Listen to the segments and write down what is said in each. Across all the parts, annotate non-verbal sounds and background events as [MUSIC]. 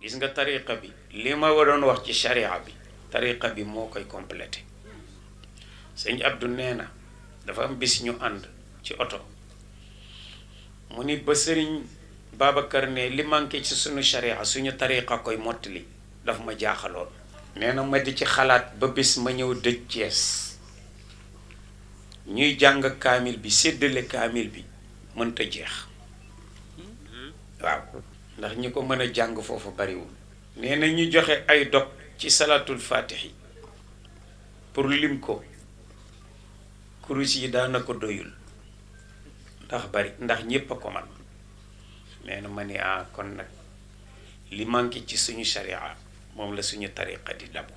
gis nga tariqa bi li ma waroon wax ci sharia bi tariqa bi moo koy complété sëñ Abdou nee na dafa am bis ñu ànd ci oto mu ni ba sëriñ Babacar ne li manqué ci suñu sharia suñu tariqa koy mottali dafa ma jaaxaloon nee na ma di ci xalaat ba bis ma ñëw dëj Cees ñuy jàng kaamil bi séddale kaamil bi mënta jeex hmm? waaw ndax ñi ko mën a jàng foofu bariwul nee na ñu joxe ay dog ci salaatul faatixi pour lim ko kurus yi daana ko doyul ndax bari ndax ñépp a ko man nee na ma ni ah kon nag li manqué ci suñu sharia moom la suñu tariqa di dabu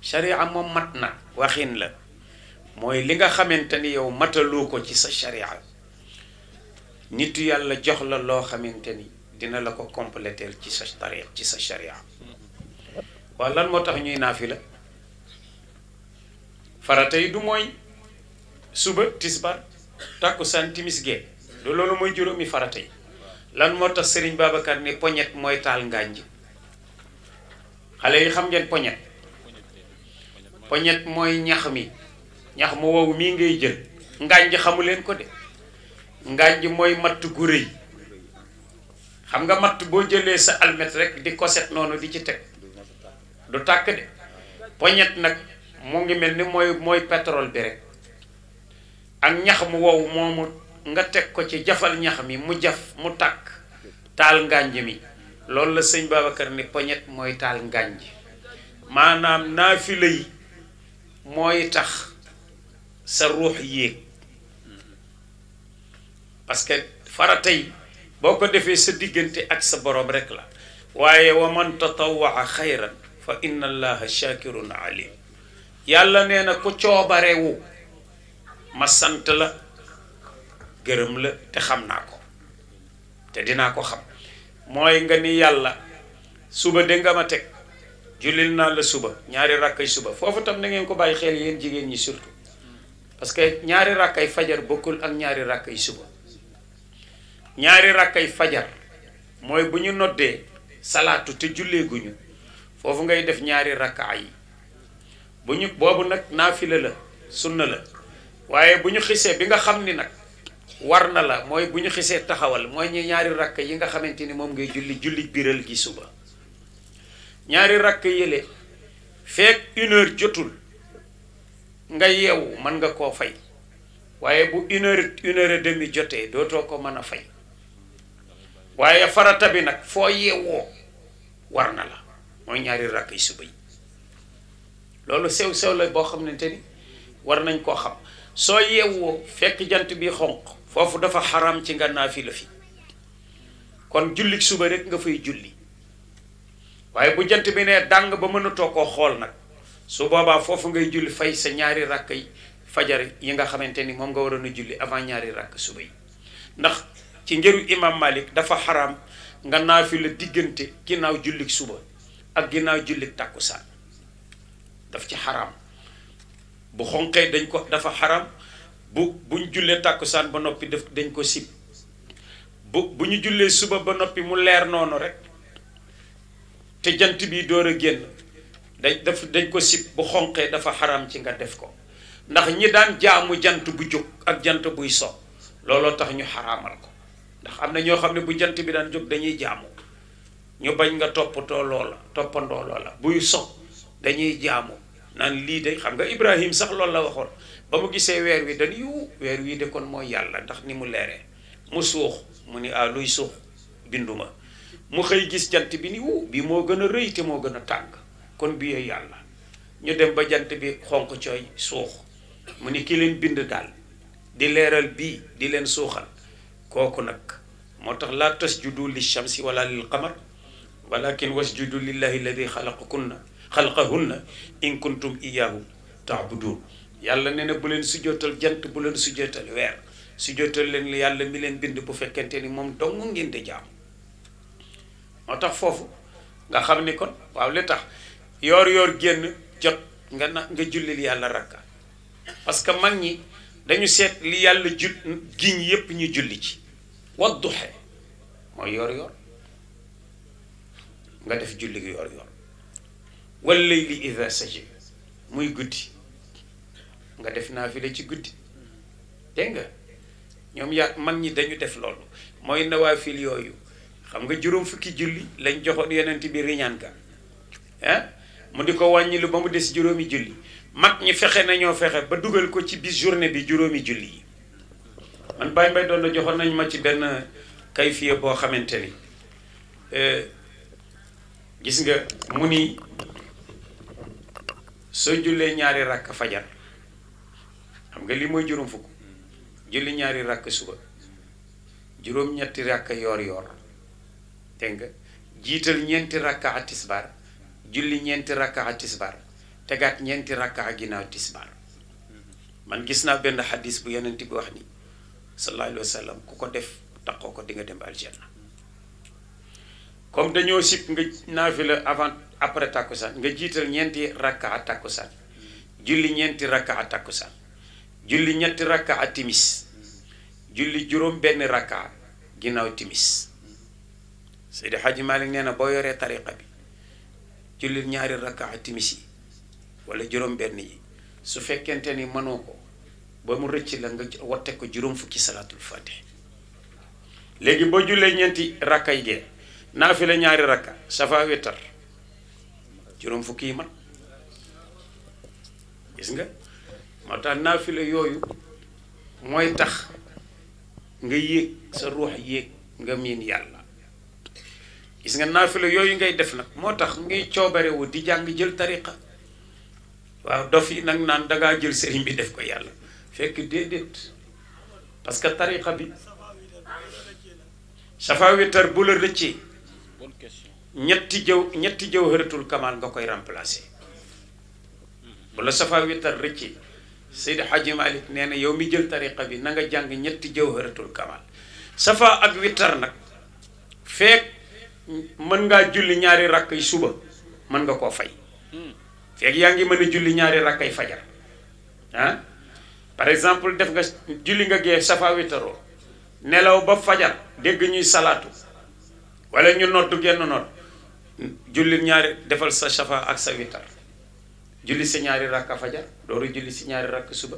sharia moom mat na waxin la mooy li nga xamante ni yow mataloo ko ci sa sharia nitu yalla jox la lo xamanteni dina la ko compléter ci sa tariq ci sa sharia wa lan motax ñuy nafila farata yi du moy suba tisbar takkusaan timis gee du loolu mooy juróomi farata yi lan motax Serigne babakar ni poñet moy tal ngànj xale yi xam ngeen poñet poñet moy ñax mi ñax mo wowu mi ngay jël xamulen ko de ngànj mooy matt gu rëy xam nga matt boo jëlee sa almet rek di koset noonu di ci teg du tàkk de poñet nag mu ngi mel ni mooy mooy pétrole bi rek ak ñax mu wow moomu nga teg ko ci jafal ñax mi mu jaf mu tàkk taal ngànj mi loolu la sëñ Babacar ni poñet mooy taal ngànj maanaam naafila yi mooy tax sa ruux yéeg parce que farata yi boo ko defee sa diggante ak sa boroom rek la waaye wa man tatawaa xayran fa inna allaha shakirun alim yàlla nee na ku coobarewu ma sant la gërëm la te xam naa ko te dinaa ko xam mooy nga ni yàlla suba de nga ma teg jullil naa la suba ñaari rakkay suba foofu tam na ngeen ko bàyyi xel yéen jigéen ñi surtout parce que ñaari rakkay fajar bokkul ak ñaari ràkk rakkay suba ñaari rakkay fajar mooy bu ñu noddee salaatu te julleeguñu foofu ngay def ñaari rakkaa yi bu ñu boobu nag naafila la sunna la waaye bu ñu xisee bi nga xam ni nag war na la mooy bu ñu xisee taxawal mooy ñu ñaari rakk yi nga ngay julli julli biral gi suba ñaari rakk yele fek iner heure jotul nga yeewu mën nga koo fay waaye bu une heure une heure demi jotee dootoo ko mën fay waaye farata bi nag foo yeewoo war na la mooy ñaari rakk yi suba yi loolu sew sew la boo xamante ni war nañ koo xam soo yeewoo fekk jant bi xonq foofu dafa xaram ci nga naafila fi kon julli suba rek nga fay julli waaye bu jant bi ne dàng ba mënatoo koo xool nag su boobaa foofu ngay julli fay sa ñaari rakk fajar yi nga xamante ni moom nga waroon a julli avant ñaari ràkk suba yi ndax ci njëru imam malik dafa haram, nga naafi la diggante ginnaaw jullik suba ak ginnaaw jullik tàkkusaan daf ci haram bu xonqee dañ ko dafa haram, bu buñ jullee tàkkusaan ba noppi daf dañ ko sib bu bu ñu suba ba noppi mu leer noonu rek te jant bi door a dañ daf dañ ko sib bu dafa haram ci nga def ko ndax ñi daan jaamu jant bu jóg ak jant buy so looloo tax ñu haramal ko ndax am na ñoo xam ne bu jant bi daan jóg dañuy jaamu ñu bañ nga toppatoo la toppandoo loola buy so dañuy jaamu naan lii de xam nga Ibrahim sax loolu la waxoon ba mu gisee weer wi dañuy weer wi de kon mooy yàlla ndax ni mu leere mu suux mu ni ah luy suux binduma mu xëy gis jant bi ni wu bi moo gën a rëy te moo gën a tàng kon bi yàlla ñu dem ba jant bi xonq cooy suux mu ni ki leen bind daal di leeral bii di leen suuxal kooku nag moo tax laa tasjudu li shamsi wala lil qamar walakin wasjudu lillahi alladi xalaqakunna xalaqahunna in kuntum iyahu taabudun yàlla nee na bu leen sujjootal jant bu leen sujjootal weer sujjootal leen yàlla mi leen bind bu fekkente ni moom dong ngeen di jaam moo tax nga xam kon waaw li tax yoor yoor génn jot nga na nga jullil yàlla rakka parce que mag ñi dañu seet li yàlla ju giñ yépp ñu julli ci wadduxe mooy yor-yor nga def julli gi yor-yor wallayli idha sajja muy guddi nga def nafile ci guddi de nga ñom ya mag ñi dañu def loolu moy nawafil yoyu xam nga juroom fukki julli lañ joxon yenente bi riñan ka hein mu diko wañi lu ba mu des juróomi julli mag ñi fexé nañoo fexé ba duggal ko ci bis journée bi juroomi julli man Baye Mbaye doon la joxoon nañ ma ci benn kay kayfiya boo xamante ni euh, gis nga mu ni soo jullee ñaari rakk fajar xam nga li mooy juróom fukk julli ñaari rakk suba juróom-ñetti rakk yoor-yoor dégg nga jiital ñeenti rakk a tisbaar julli ñeenti rakk a tisbaar tegaat ñeenti rakk a ginnaaw tisbaar man gis naa benn xadis bu yeneen bi wax ni sallallahu alaihi wasallam. sallam def takko ko di nga dem aljanna comme dañu sip nga naafila avant après takusan. nga jital ñenti rakkaa takusan julli ñenti rakkaa takusan julli ñetti rakkaa timis julli juróom ben ginaaw timis sayyid haji malik neena na yore tariqa bi julli ñaari rakkaa timisi wala juróom ben yi su ni ba mu rëcc la nga watte ko juróom fukki salaatul fatih léegi boo jullee ñeenti rakka yi gee naafila ñaari rakka safa wittar juróom fukki yi gis nga moo tax naafila yooyu mooy tax nga yéeg sa ruux yéeg nga miin yàlla gis nga naafi la yooyu ngay def nag moo tax ngay coobare di jàng jël tariqa waaw dof yi nag naan dangaa jël sëriñ bi def ko yàlla fekk dedet parce que tariqa bi safa tar bu le rëccee ñetti jew ñetti jew hëratul kamal nga koy remplacer bu la safa tar rëccee Seydi Hadji Malick nee na yow mi jël tariqa bi na nga jang ñetti jew hëratul kamal safa ak witar nak fek man nga julli ñaari rakk suba man nga ko fay hmm. fek yaangi ngi julli ñaari fajar ah par exemple def nga julli nga gee safa witaro nelaw ba fajar dégg ñuy salatu, wala ñu noddu genn nodd julli ñaari defal sa safa ak sa witar julli si ñaari rakka fajar dooru julli si ñaari rakk suba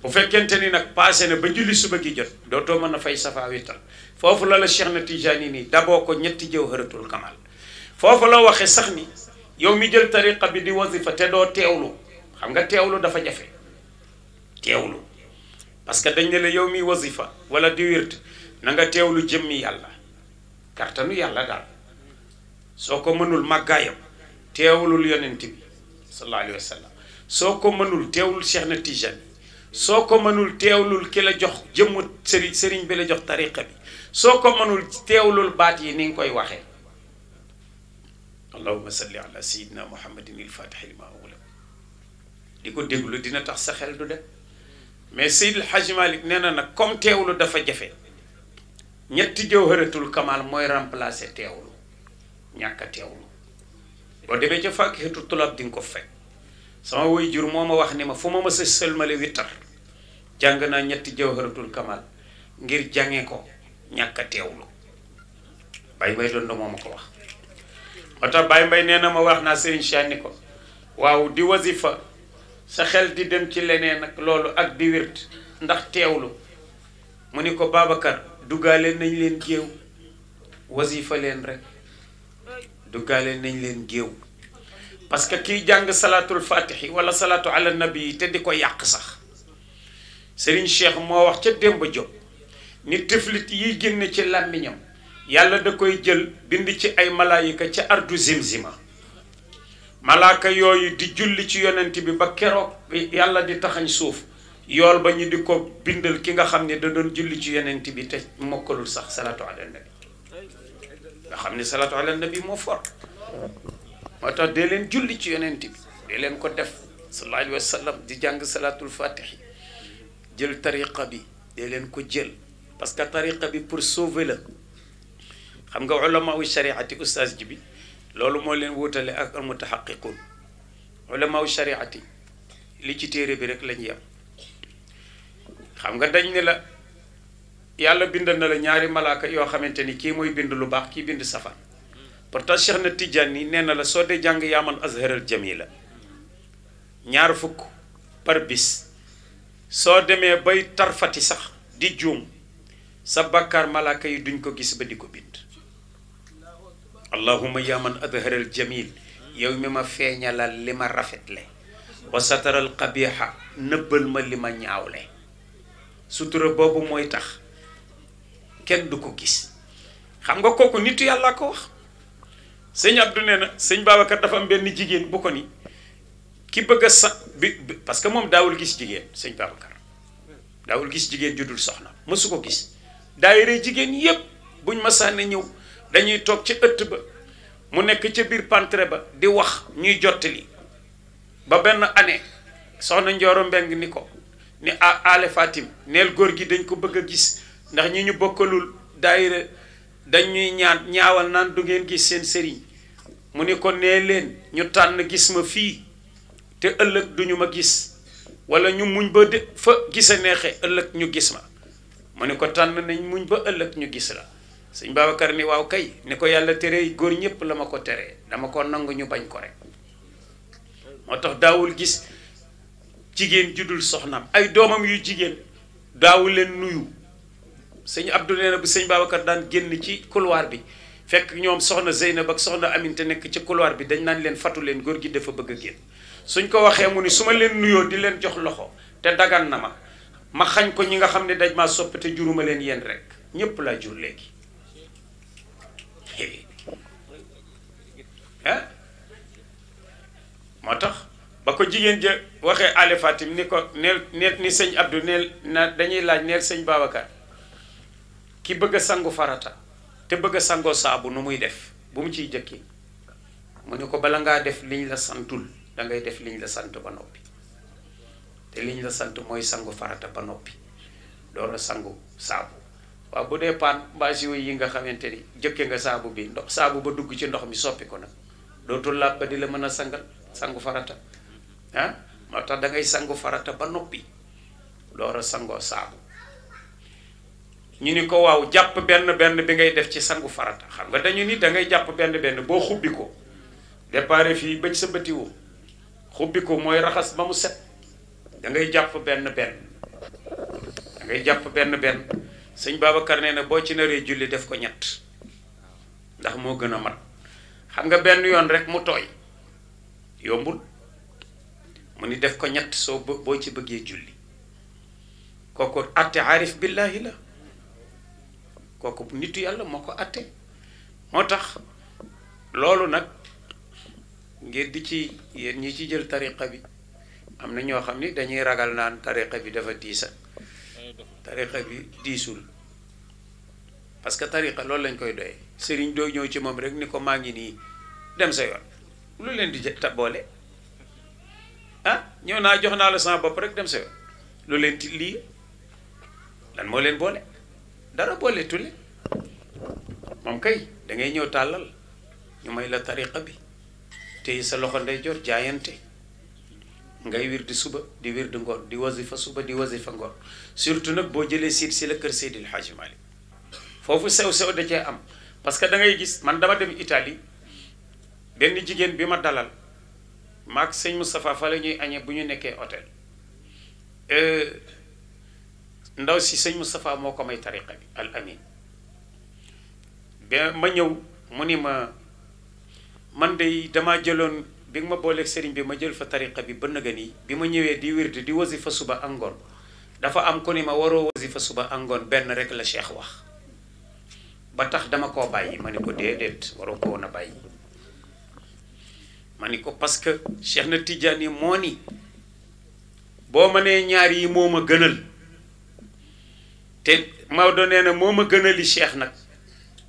bu fekkente ni nag passé na ba julli suba gi jot dootoo mën a fay safa witar foofu la la cheikh na tijani ni daboo ko ñetti jëw hëratul kamal foofu la waxe sax ni yow mi jël tariqa bi di wazifa te doo teewlu xam nga teewlu dafa jafe teewlu parce que dañ ne la yow mi wazifa wala di wird na nga teewlu jëmmi yàlla kartanu yàlla dal soko ko mënul màggaayam teewlul yonent bi sallallahu alayhi wasallam soko soo mënul teewlul Cheikh na Tijani soko ko mënul teewlul ki la jox jëm serigne serigne bi la jox tariqa bi soko ko mënul teewlul bat yi ni ngi koy waxe اللهم صل على سيدنا محمد الفاتح لما lima ديكو ديغلو دينا تخ dina دو ده mais si Hadji Malick nee na nag comme teewlu dafa jafe ñetti jëw jawharatul kamal mooy remplacer teewlu ñàkk a demee ca Fakihatul Tulab di nga ko fekk sama woy moo ma wax ni ma fu ma mës a sëlmale wittar jàng naa ñetti jawharatul kamal ngir jànge ko ñàkk a teewlu bay bay moo ma ko wax moo tax bay mbay nee na ma wax naa Serigne Cheikh ni ko waaw di wasifa sa xel di dem ci leneen ak loolu ak di wirt ndax teewlu mu ni ko Babacar duggaale nañ leen géew wasifa leen rek duggaale nañ leen géew parce que kiy jàng salaatul fatixi wala salaatu ala nabi te di ko yàq sax Serigne Cheikh moo wax ca Demba Diop ni tiflit yiy génn ci làmmiñam yàlla da koy jël bind ci ay malaayika ca ardu zimzima malaaka yooyu di julli ci yonent bi ba keroog yàlla di taxañ suuf yool ba ñu di ko bindal ki nga xam ne da doon julli ci yonent bi te mokkalul sax salatu ala nabi nga xam ne salatu ala nabi moo for moo tax dee leen julli ci yonent bi dee leen ko def sallallahu alayhi wa di jàng salatul fatixi jël tariqa bi dee leen ko jël parce que tariqa bi pour sauver la xam nga ulama wu shariati oustaz ji bi Lalu maulin len wutale ak al ulama ulamaaw shariati li ci tere bi rek lañ yam xam nga dañ ne la yalla bindal na la ñaari malaaka yo xamanteni ki moy yaman bind lu bax ki bind safaan pourtant Cheikh na Tidiane yi na la jang ya man azhar al jamila ñaar fuk par bis so bay tarfati sax di joom sa bakkar malaaka yi duñ ko gis ba di bind allahuma yaa man adharal jamil yow mi ma feeñalal li ma rafetle wa sataral qabiha nëbbal ma li ma ñaawle sutura boobu mooy tax kenn du ko gis xam nga kooku nitu yàlla ko wax sëñ Abdu nee na sëñ Babacar dafa am jigéen bu ko ni ki bëgg a sa bi parce que moom daawul gis jigéen sëñ Babacar daawul gis jigéen ju dul soxna mësu ko gis daayira jigéen yépp buñ masaane ñëw dañuy tok ci ëtt ba mu nekk ci bir pantre ba di wax ñuy jotali ba ben année soxna njooro beng ni ko ni ale fatim neel gor gi dañ ko bëgg gis ndax ñi ñu bokkalul daayira ñuy ñaan ñaawal naan du ngeen gis seen sëriñ mu ni ko neeleen ñu tànn gis ma fii te ëllëg duñu ma gis wala ñu muñ ba fa gisa neexe ëllëg ñu gis ma mu ni ko tànn nañ muñ ba ëllëg ñu gis la sëñ Babacar ni waaw kay ni ko yàlla tere góor ñëpp la ma ko teree dama ko nangu ñu bañ ko rek moo tax daawul gis jigéen ju dul soxnaam ay doomam yu jigéen daawul leen nuyu sëñ Abdou nee na bu sëñ Babacar daan génn ci couloir bi fekk ñoom soxna Zeynab ak soxna Aminte nekk ci couloir bi dañ naan leen fatu leen góor gi dafa bëgg a génn suñ ko waxee mu ni su ma leen nuyoo di leen jox loxo te dagan na ma ma xañ ko ñi nga xam ne daj ma soppite juruma leen yéen rek ñëpp laa jur léegi ah [LAUGHS] moo tax ba ko jigéen ja waxee ale Fatim ni ko neel neel ni sëñ Abdou neel na dañuy laaj neel sëñ Babacar ki bëgg sangu farata te bëgg sangoo saabu nu muy def bu mu ciy jëkki mu ne ko bala ngaa def liñ la santul dangay def liñ la sant ba noppi te liñ la sant mooy sangu farata ba noppi door a sangu saabu wa bu pan ba ci yi nga xamante ni jëkke nga saabu bi ndox saabu ba dugg ci ndox mi soppi ko nak dootul làpp di la mëna sangal sangu farata ha? Ah, ma ta da ngay sangu farata ba noppi doora sango saabu ñu ni ko waaw japp benn benn bi ngay def ci sangu farata xam nga dañu ni da ngay japp benn benn bo xubbi ko déparé fii bëj sa wu xubbi ko moy raxas ba mu set da ngay japp benn benn da ngay japp benn benn sëñ Babacar nee na boo ci naree julli def ko ñett ndax moo gën a mat xam nga benn yoon rek mu tooy yombul mu ni def ko ñett soo boo ci bëggee julli kooku atte aarif billahi la kooku nitu yàlla moo ko atte moo tax loolu nag ngir di ci yéen ñi ci jël tariqa bi am na ñoo xam ni dañuy ragal naan tariqa bi dafa diisa tariqa bi disul parce que tariqa lol lañ koy doy sëriñ do ñëw ci mom rek niko ko maa ngi dem sa yoon lu leen di tabole ah ñëw na jox na la sama bop rek dem sa yoon lu leen ti li lan mo leen bolé dara bolé tule mom kay da ngay ñëw talal ñu may la tariqa bi te sa loxo ndey jor jaayante ngay wiir di suba di wir di ngoon di fa suba di fa ngoon surtout nag boo jëlee siit si la kër Seydil Hadji Malick foofu sew-sew da cee am parce que da ngay gis man dama dem Italie benn jigéen bi ma dalal maag sëñ Moustapha fa la ñuy añee bu ñu nekkee hôtel euh, ndaw si sëñ Moustapha moo ko may tariqa bi al amin ba ma ñëw mu ni ma man de damaa jëloon bi ma booleeg sëriñ bi ma jël fa tariqa bi ba nëgën yi bi ma ñëwee di wirdi di fa suba angoon dafa am ko ni ma waroo fa suba angoon benn rek la cheikh wax ba tax dama koo bàyyi ma ni ko déedéet waroo a bàyyi ma ni ko parce que cheikh na yi moo ni boo ma nee ñaar yi moo ma gënal te Maodo nee na moo ma gënali cheikh nag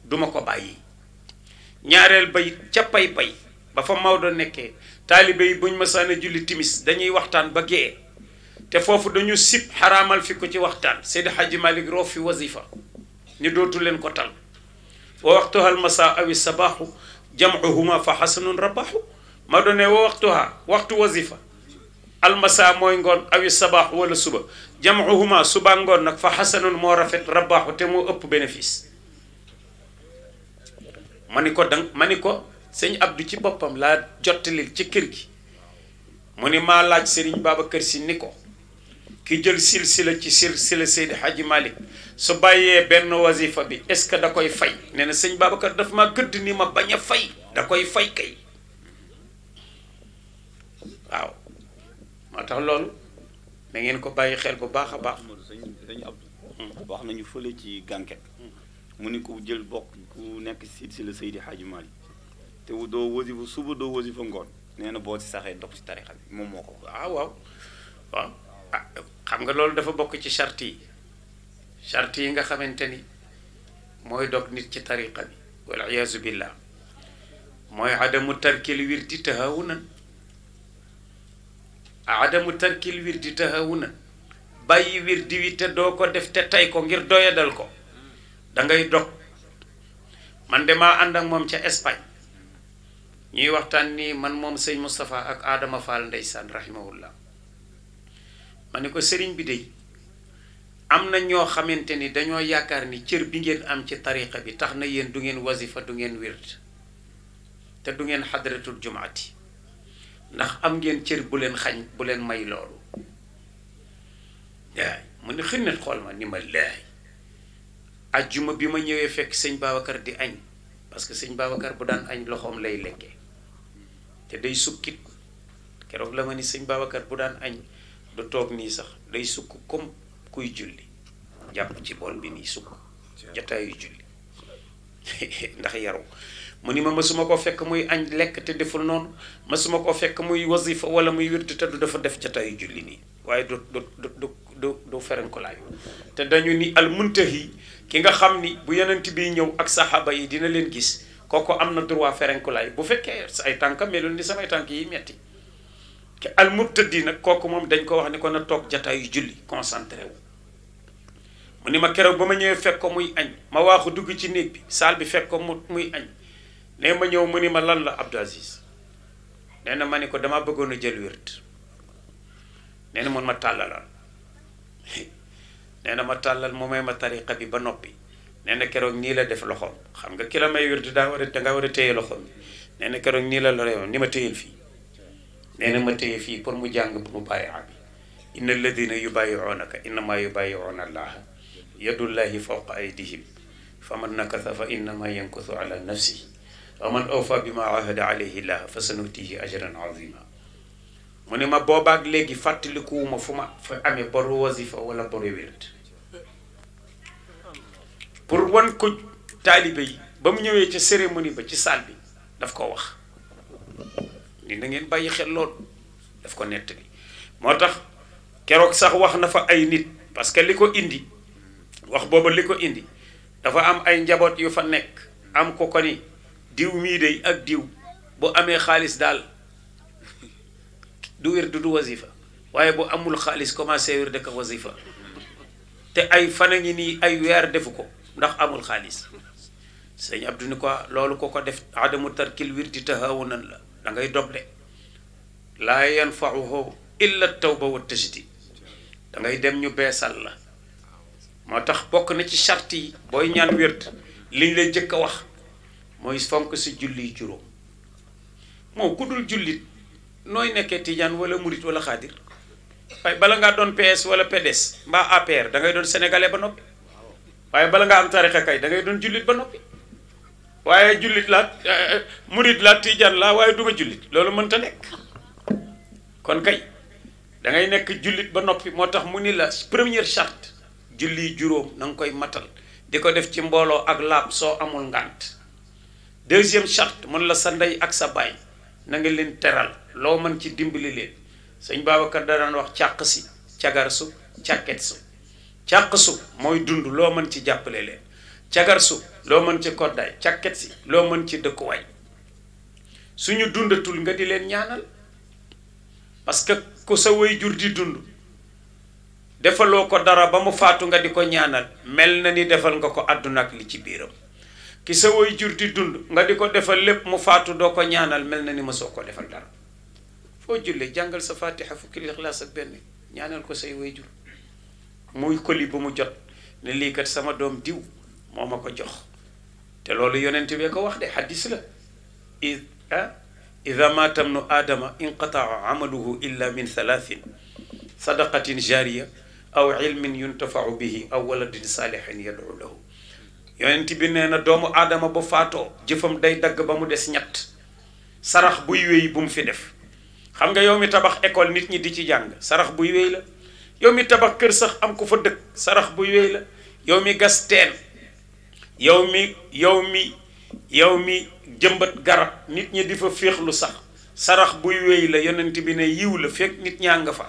duma ko bàyyi ñaareel bay ca pay pay ba fa Maodo nekkee taalibe yi buñ mësaana julli timis dañuy waxtaan ba gee te foofu dañu sib xaraamal fi ko ci waxtaan sedd Hadji Malick roof fi wazifa ni dootu leen ko tal wa waxtuha al masa awi sabaaxu jamcuhuma fa xasanun rabaaxu ma doone wa waxtuha waxtu wazifa almasa mooy ngoon awi sabaaxu wala suba jamcuhuma suba ngoon nag fa xasanun moo rafet rabaaxu te moo ëpp bénéfice ma ni ko dang ma ni ko sëñ Abdou ci boppam laa jottalil ci kër gi mu ni maa laaj sëriñ Babacar Si ni ko ki jël silsila ci silsila Seydi Hadji Malick su bàyyee benn wasifa bi est-ce que da koy fay nee na sëñ Babacar daf ma gëdd ni ma bañ fay da koy fay kay moo tax loolu na ngeen ko bàyyi xel bu baax a baax sëñ Abdou wax nañu fële ci gànket hmm. mu ni ku jël bokk ku nekk silsila Seydi Hadji Malick te doo wasifa suba doo wasifa ngoon nee na boo ci saxee ndox ci tarixa bi moom moo ko ah, waaw waaw ah, xam nga loolu dafa bokk ci charte yi charte yi nga xamante ni mooy dog nit ci tariqa bi wal iyaazu billah mooy adamu tarkil wirdi tahawunan adamu tarkil wirdi tahawunan bàyyi wirdi wi te doo ko def te tey ko ngir doyadal ko dangay ngay dog man de maa ànd moom ca Espagne ñuy waxtaan ni man moom sëñ Moustapha ak Adama Fall ndeysaan rahimahullah ma ne ko sëriñ bi dey am na ñoo xamante ni dañoo yaakaar ni cër bi ngeen am ci tariqa bi tax na yéen du ngeen wasifa du ngeen wird te du ngeen xadratul jumaati ndax am ngeen cër buleen xañ bu leen may loolu yaay mu ne xinnet xool ma ni ma laay ajjuma bi ma ñëwee fekk sëñ Babacar di añ parce que sëñ Babacar bu daan añ loxoom lay lekkee te day sukkit keroog la ma ni sëñ Babacar bu daan añ du toog nii sax day sukk comme kuy julli jàpp ci bool bi nii sukk jataayu julli [LAUGHS] ndax yaru mu ni ma mësuma koo fekk muy añ lekk te deful noonu mësuma koo fekk muy wasifa wala muy wirdu te du dafa def jataayu julli nii waaye du du du du du te dañu ni al muntahi ki nga xam ni bu yenent biy ñëw ak saxaaba yi dina leen gis koko am feren droit lay bu fekke sa ay tànk melul ni samay tànk yi metti al murtadi nak koko mom dañ ko wax ni ko na toog jataayu julli concentré wu muni ma keroog bama ma ñëwee fekk ko muy añ ma waxu dugg ci neeg bi sal bi fekk ko muy añ nee ma ñëw muni ma lan la Abdou Aziz nee na ma ko dama bëggono jël wért nee [LAUGHS] na ma talal nee na ma talal momay ma tariqa bi ba noppi nee na keroog nii la def loxoom xam nga ki la may wird daa war a dangaa war a téye loxoom nee na keroog nii la loxoom ni ma téyel fii nee ma téye fii pour mu jàng mu bàyyi abi inna alladina yubayiunaka innama yubayiuna allaha yadullahi fawqa aydihim fa man nakasa fa innama yankusu ala nafsi wa man awfa bima ahada alayhi llah fa sanutihi ajran azima mu ne ma boobaak léegi fàttalikuwuma fu ma fa amee boru wasifa wala boru wird pour wan ko taalibe yi ba mu ñëwee ca cérémonie ba ci saal bi daf ko wax li na ngeen bàyyi xel lool daf ko nett bi moo tax keroog sax wax na fa ay nit parce que li ko indi wax booba li ko indi dafa am ay njaboot yu fa nekk am ko ko ni diw mii dey ak diw bu amee xaalis daal du wér du du wasi fa waaye bu amul xaalis commencé wér wasi fa te ay fan a ngi nii ay weer defu ko ndax amul xaalis sëñ abdou ni quoi loolu ko ko def adamu tarkil wirdi tahawunan la da ngay doble la yanfauhu illa tawba wa tajdid da ngay dem ñu bessal la motax bok na ci charti boy ñaan wirt liñ lay jëk wax moy fonk ci julli juro mo ku dul noy nekké wala murit wala khadir, waaye bala nga don PS wala PDS mba APR da ngay don sénégalais ba nopi waye bala nga am tarixa kay da ngay don julit ba nopi waye julit la eh, murid la tijaan la waye duma lolu mën ta nek kon kay da ngay nek julit ba nopi motax muni la premier charte julli nang koy matal diko def ci mbolo ak lab so amul ngant deuxième charte mun la sanday ak sa bay na nga len teral lo man ci dimbali len seigne Babacar da wax càq su mooy dund loo mën ci jàppale leen cagar su loo mën ci koddaay càkket si loo mën ci dëkkuwaay suñu dundatul nga di leen ñaanal parce que ku sa way jur di dund defaloo ko dara ba mu faatu nga di ko ñaanal mel na ni defal nga ko àdduna ak li ci biiram ki sa way jur di dund nga di ko defal lépp mu faatu doo ko ñaanal mel na ni mësoo ko defal dara foo jullee jàngal sa faatixa fukki lixlaas ak benn ñaanal ko say way jur muy colis ba mu jot ne lii kat sama doom diw moo ma ko jox te loolu yonent bee ko wax de xaddis la ida maata bnu aadama inqataa amaluhu illa min thalathin sadaqatin jaria aw ilmin yuntafau bihi aw waladin saalihin yad'u lahu yonent bi nee na doomu aadama ba faatoo jëfam day dagg ba mu des ñett sarax buy wéy bu mu fi def xam nga yow mi tabax école nit ñi di ci jàng sarax buy wéy la yow mi tabax kër sax am ko fa dëkk sarax bu yooyu la yow mi gas teen yow mi yow mi yow mi jëmbat garab nit ñi di fa féexlu sax sarax buy wéy la yonent bi ne yiw la fekk nit ñaa nga fa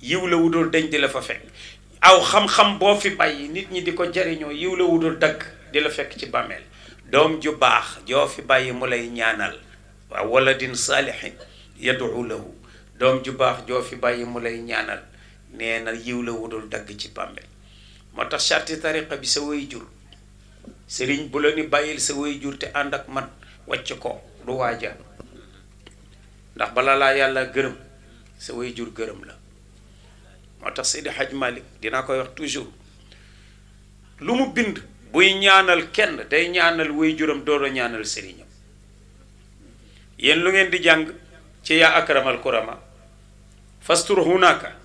yiw la wu dul deñ di la fa fekk aw xam-xam boo fi bàyyi nit ñi di ko jariñoo yiw la wu dagg di la fekk ci bàmmeel doom ju baax joo fi bàyyi mu lay ñaanal waaw waladin saalihin yadu lahu doom ju baax joo fi bàyyi mu lay ñaanal nee na yiw la wudul dagg ci bàmmeel moo tax charti tariqa bi sa way jur sëriñ bu la ni bàyyil sa way jur te ànd ak man wacc ko du waaja ndax bala laa yàlla gërëm sa way jur gërëm la moo tax Seydi Hadj Malick dinaa koy wax toujours lu mu bind buy ñaanal kenn day ñaanal way juram doora ñaanal sëriñam yéen lu ngeen di jàng ci yaa akramal kurama fastur hunaka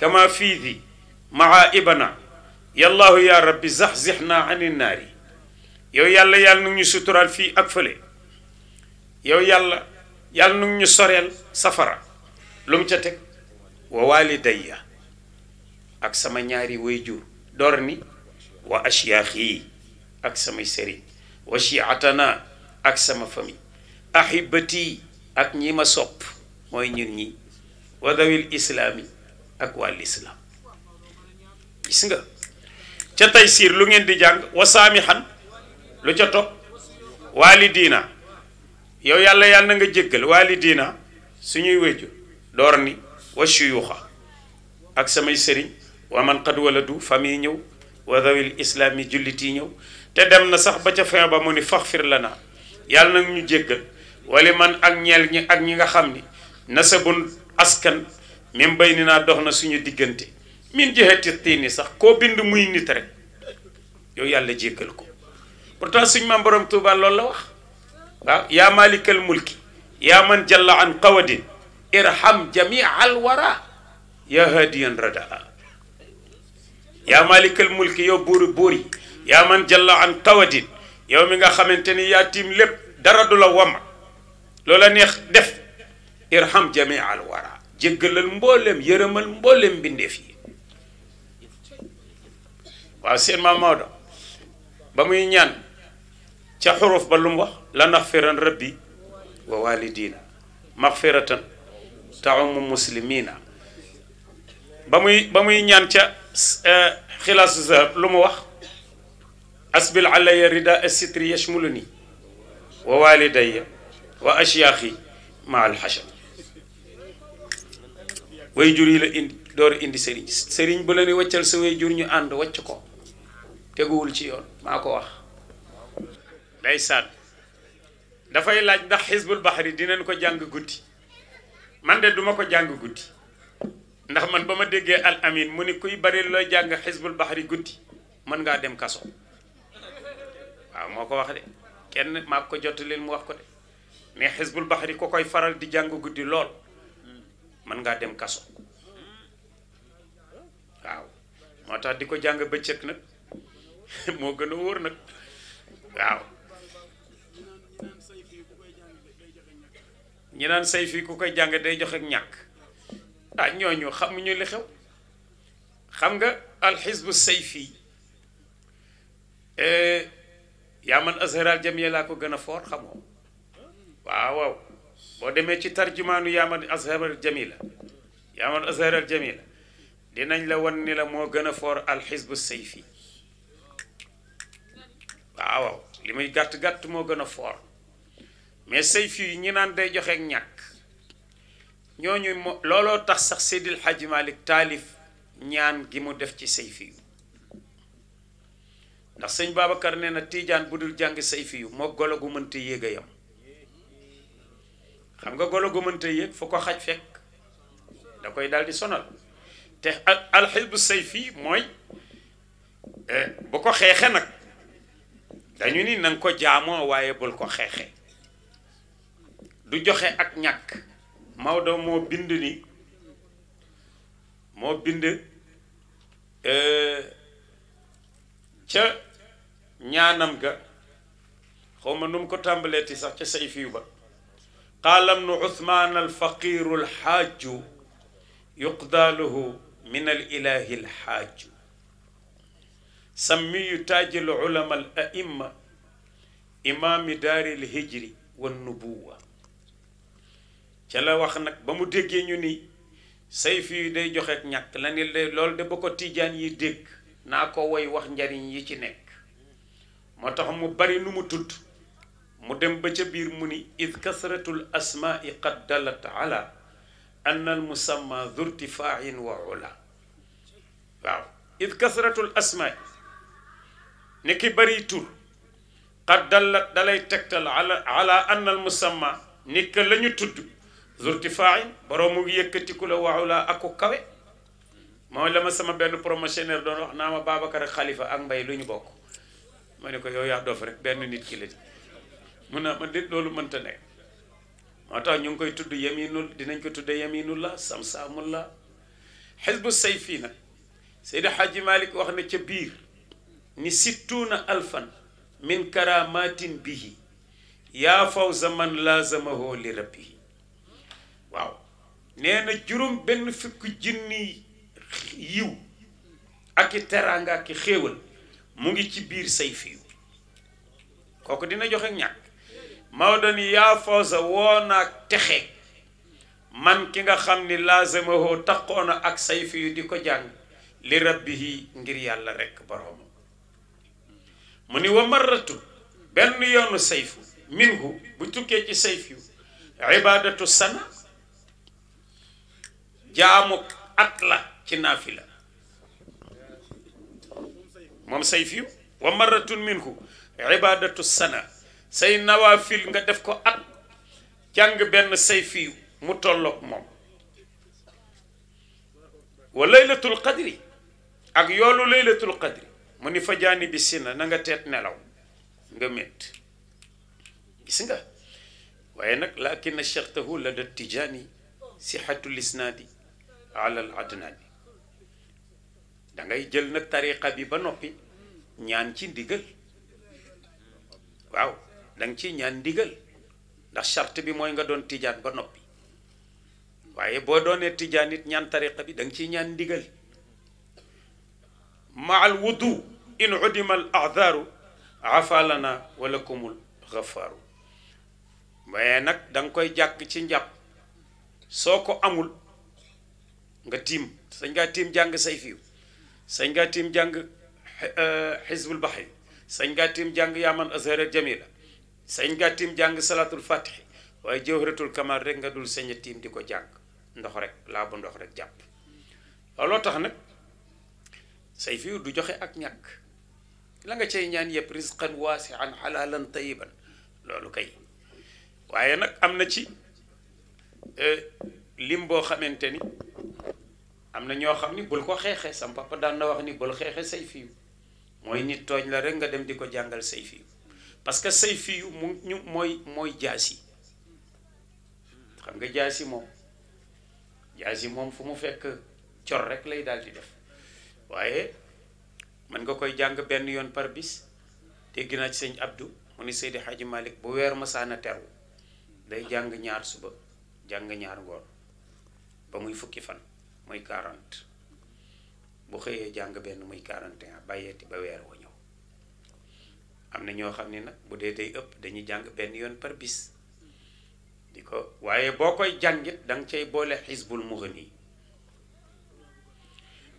كما في ذي معائبنا يا الله يا ربي زحزحنا عن النار yow yàlla yàlla nu ñu sutural fii ak fële yow yàlla yàlla nu ñu soreel safara lu mu ca teg wa walidayya ak sama ñaari wayjur door ni wa ashyaax yi ak samay sëriñ wa shiatana ak sama famille ahibati ak ñi ma sopp mooy ñun ñi wa dawil islaami ak waa lislaam gis nga ca tey siir lu ngeen di jàng wa wasaamixan lu ca topp waalidiina yow yàlla yàlla na nga jéggal waalidiina suñuy wéju door ni wa shuyuuxa ak samay sëriñ wa man qad waladu famille ñëw wa dawil islaam yi jullit yi ñëw te dem na sax ba ca fin ba mu ni faxfir lana yàlla nag ñu jéggal wali man ak ñeel ak ñi nga xam ni nasabun askan même bay ni naa dox na suñu diggante min jihati tiini sax koo bind muy nit rek yow yàlla jéggal ko pourtant suñ maam borom Touba loolu la wax waaw yaa malikal mulki yaa man jalla an qawadin irham jamia al wara yaa hadiyan radaa yaa malikal mulki yow buuri buuri yaa man jalla an qawadin yow mi nga xamante ni yaa tiim lépp dara du la wama loola neex def irham jamia al wara jéggalal mbollem yërëmal mbollem mbindeef yi wa seen mamad ba muy ñaan ci xuruf ba lu mu wax la naghfiran rabbi wa walidina maghfiratan ta'um muslimina ba muy ba muy ñaan ci khilas zahab lu mu wax asbil alayya rida asitri yashmuluni wa walidayya wa ashyaqi ma hashab way jur yi la indi door indi sëriñ sëriñ bu la ne waccal sa way jur ñu ànd wacc ko teguwul ci yoon maa ko wax ndeysaan dafay laaj ndax xisbul dinañ ko jàng guddi man de duma ko jàng guddi ndax man ba ma al amin mu ni kuy bari looy jàng xisbul baxari guddi man ngaa dem kaso waaw moo ko wax de kenn maa ko jot leen mu wax ko de mais xisbul ko koy faral di jàng guddi lool mën ngaa dem kaso waaw moo tax di ko jàng bëccëg nag [LAUGHS] moo gën a wóor nag waaw ñi naan say fii ku koy jàng day joxe ak ñàkk ah ñooñu xamuñu li xew xam nga alxisbu say fii eh, yaa man azharal jamia laa ko gën a foor xamoo waaw waaw boo demee ci tarjumaanu yaamal azhar al jamila yaamal azhar al jamila dinañ la wan ni la moo gën a foor alxisbu sayfi waaw li muy gàtt-gàtt moo gën a foor mais sayfi yi ñi naan day joxeek ñàkk ñooñu mo looloo tax sax Seydil Hadji taalif ñaan gi mu def ci sayfi yu ndax sëñ Babacar nee na tiijaan bu dul jàng sayfi yu moo golo gu mënta yéeg a yam xam nga golo gu mënta yëg fu ko xaj fekk da koy daal di sonal te alxisbu fii mooy eh, bu ko xeexe nag dañu ni na ko jaamoo waaye bul ko xeexe du joxe ak ñàkk Maodo moo bind ni moo bind eh, ca ñaanam ga xaw ma nu mu ko tàmbalee ti sax ca sayfiyu ba قال ابن عثمان الفقير الحاج يقضى له من الإله الحاج سمي تاج العلماء الأئمة إمام دار الهجر والنبوة جلا وخنك بمدقي نيوني say fii day joxe ak ñàkk la ni loolu de ba ko tiijaan yi dégg naa ko woy wax njariñ yi ci nekk moo tax mu dem ba ca biir mu ni id kasratul asmaai qad dalat ala anna al musamma dhurtifaain wa ula waaw id kasratul asmaai ni ki bari tur qad dalat dalay tegtal ala ala anna al musamma ni ko la ñu tudd dhurtifaain boroomu yëkkatiku la wa ula ak ko kawe mooy la ma sama benn promotionnaire doon wax naa ma Babacar ak Khalifa ak mbay lu ñu bokk ma ne ko yow yaa doof rek benn nit ki la di mun naa ma déet loolu mënta nekk moo tax ñu ngi koy tudd yaminul dinañ ko tudde yaminullah samsaamullah xisbu sayfi nag Seydi Xaaji Malik wax na ca biir ni sittuuna alfan min karamatin bihi yaa fawza man laazamahoo li rabbihi waaw nee na juróom benn fukki jinni yiw ak i teraanga ak i xéewal mu ngi ci biir sayfi kooku dina joxe ñàkk Maodo ni yaa fawza woo naag texe man ki nga xam ni laazamahoo taqoona ak sayfi yu di ko jàng li rabbihi ngir yàlla rekk boroom mu ni wa marratu benn yoonu sayfu minhu bu tukkee ci sayf yu ibaadatu sana jaamu at la ci naafila moom sayf yu wa marratun minhu ibaadatu sana say nawafil nga def ko at jàng ben say fiyu mu tolloog mom wa laylatul qadri ak yolu laylatul qadri muni ni fa jaani bi sina na nga tet nelaw nga met gis nga waye nak lakin shartahu lada tijani sixatu lisnadi ala al adnaani da ngay jël nak tariqa bi ba nopi ñaan ci ndigal waaw da nga ciy ñaan ndigal ndax charte bi mooy nga doon tiijaan ba noppi waaye boo doonee tiijaan it ñaan tariqa bi da nga ciy ñaan ndigal maal wudu in udima al ahdaru afalana walakumul xafaaru waaye nag danga koy jàkk ci njàpp soo ko amul nga tiim sañ ngaa tiim jàng say fiiw sañ ngaa tiim jàng xisbul eh, eh, baxri sañ ngaa tiim jàng yaaman azhara jamila sañ ngaa tiim jàng salaatul fatihi waaye jawharatul kamal rek nga dul sañ tiim di ko jàng ndox rek laa bu ndox rek jàpp tax nag say fiyu du joxe ak ñàkk la nga cay ñaan yëpp rizqan waasian xalaalan tayiban loolu kay waaye nag am na ci euh, lim boo xamante ni am na ñoo xam ni bul ko xeexee sam papa daan na wax ni bul xeexee say fiyu mooy nit tooñ la rek nga dem di ko jàngal say fiyu parce que sayfi fi mu ñu moy moy jasi xam nga jasi mom jasi mom fu mu fekk cior rek lay dal di def waaye man nga koy jang ben yon par bis te gina ci seigne abdou mu ni seydi xaaji malik bu weer masaana terwu day jang ñaar suba jang ñaar ngor ba muy fukki fan moy 40 bu xeye jang ben muy 41 bayeti ba wer wo am na ñoo xam ne nag bu dee day ëpp dañuy jàng benn yoon par bis di ko waaye boo koy jàngit da nga cay boole xisbul mughni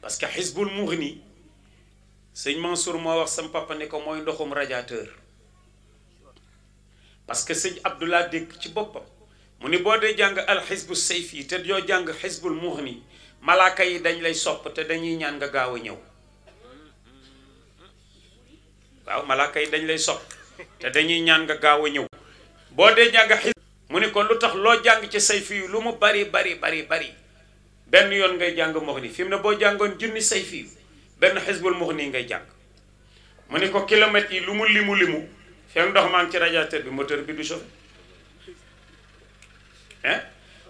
parce que xisbul mughni sëñ Mansour moo wax sam papa ko mooy ndoxum radiateur parce que sëñ Abdullah dégg ci boppam mu ni boo dee jàng alxisbu sayfi te yoo jàng xisbul mughni malaaka yi dañ lay sopp te dañuy ñaan nga gaaw a ñëw waaw malaaka yi dañ lay sopp te dañuy ñaan nga gaaw ñew bo de dee jàng mu ne ko lutax lo jang ci say lu mu bari bari bari bari ben yon ngay jang mohni ni na bo jangon jinni jàngoon say fiyu ngay jang mu ne ko kilomètre yi lu mu limu limu fekk ndox ma ci radiateur bi moteur bi du chauffé hein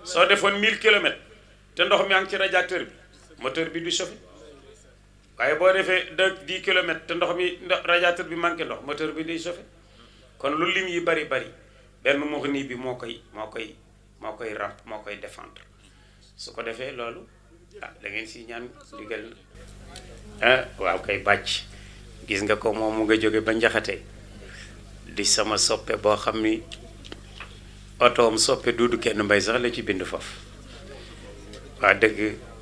so defoon 1000 kilomètres te ndox mi ang ci radiateur bi moteur bi du waaye boo defee deux dix kilomètres te ndox mi radiateur bi manqué ndox moteur bi day chauffé kon lu lim yi bari bari benn moxni bi moo koy moo koy moo koy ramp moo koy défendre su ko defee loolu ah da ngeen si ñaan ndigal ah waaw kay bàcc gis nga ko moom mu nga jóge ba njaxate di sama soppe boo xam ni otoom soppe duudu kenn mbay sax la ci bind foofu waa dëgg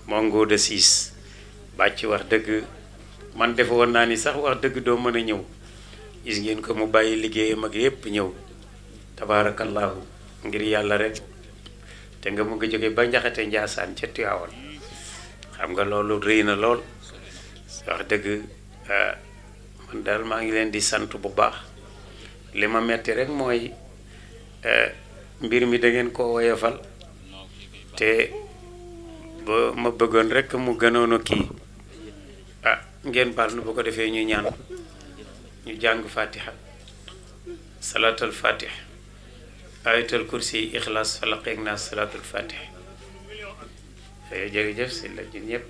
moo de siis bàcc wax deug man defe won na ni sax wax deug do meuna ñew gis ngeen ko mu bàyyi liggey mak yépp ñew tabarakallah ngir yalla rek te nga mu ngi ba njaxate ci xam nga loolu reyna lool wax euh man dal ma ngi leen di sant bu baax li ma metti rek euh mbir mi da ngeen ko woyofal te ba ma bëggoon rek mu gënono ngeen baal nu bu ko defee ñu ñaan ñu jàng fatiha salatul fatih ayatul kursi ikhlas ixlaas falaq ak naas salaatul fatih fay jërëjëf ci la ñun ñëpp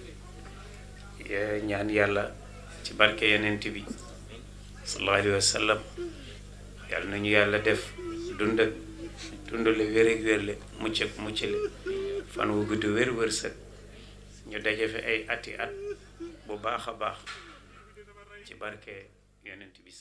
ya ñaan yalla ci barke yenen bi sallallahu alaihi wa yalla nañu yalla def dund dund le wér ak wérle mucc ak mucc le fan wu gudd wér sa ñu daje fi ay ati at bu baax a baax ci barke yonent bi